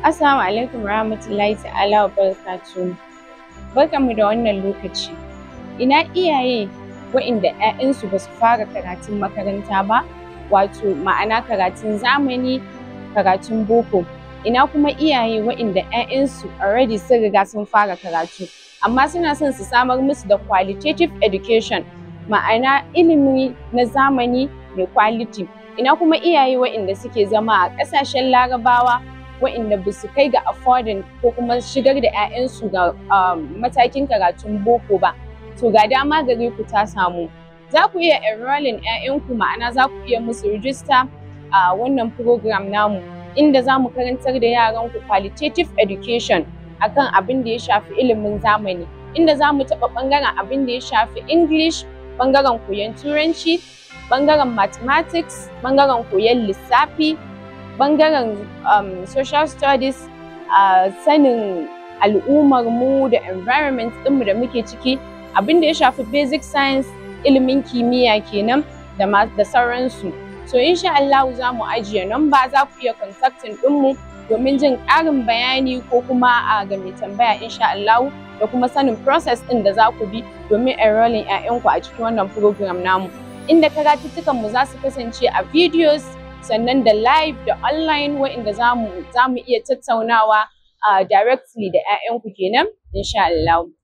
Assalamu alaikum rahmatullahi ta'ala wa barakatuh. Barkanmu da wannan lokaci. Ina iyaye waɗanda ‘ya'yansu ba su fara karatun makaranta ba, wato ma'ana karatun zamani, karatun boko. Ina kuma iyaye waɗanda ‘ya'yansu already sun riga sun fara karatu, amma suna son su samar musu da qualitative education, ma'ana ilimi na zamani mai quality. Ina kuma iyaye waɗanda suke zama a ƙasashen larabawa wa'inda ba su kai ga affording ko kuma shigar da 'ya'yansu ga um, matakin karatun boko ba to ga dama gare ku ta samu za ku iya enrolling 'ya'yanku ma'ana za ku iya musu register a wannan program namu inda za mu karantar da yaran ku qualitative education akan abin da ya shafi ilimin zamani inda za mu taɓa ɓangaren abin da ya shafi english ɓangaren koyon turanci bangaren mathematics bangaren koyon lissafi bangaren um, social studies a sanin al'ummar mu da environment ɗinmu da muke ciki abin da ya shafi basic science ilimin kimiyya kenan da, da sauransu so insha Allah za mu ajiye nan ba za ku iya contacting ɗinmu domin jin ƙarin bayani ko kuma a ga mai tambaya insha Allah da kuma sanin process ɗin da za ku bi domin enrolling 'ya'yanku a cikin wannan program namu inda karatuttukan mu za su kasance a videos sannan da live da online wa'inda za mu iya tattaunawa ah, directly da 'ya'yanku kenan insha Allah.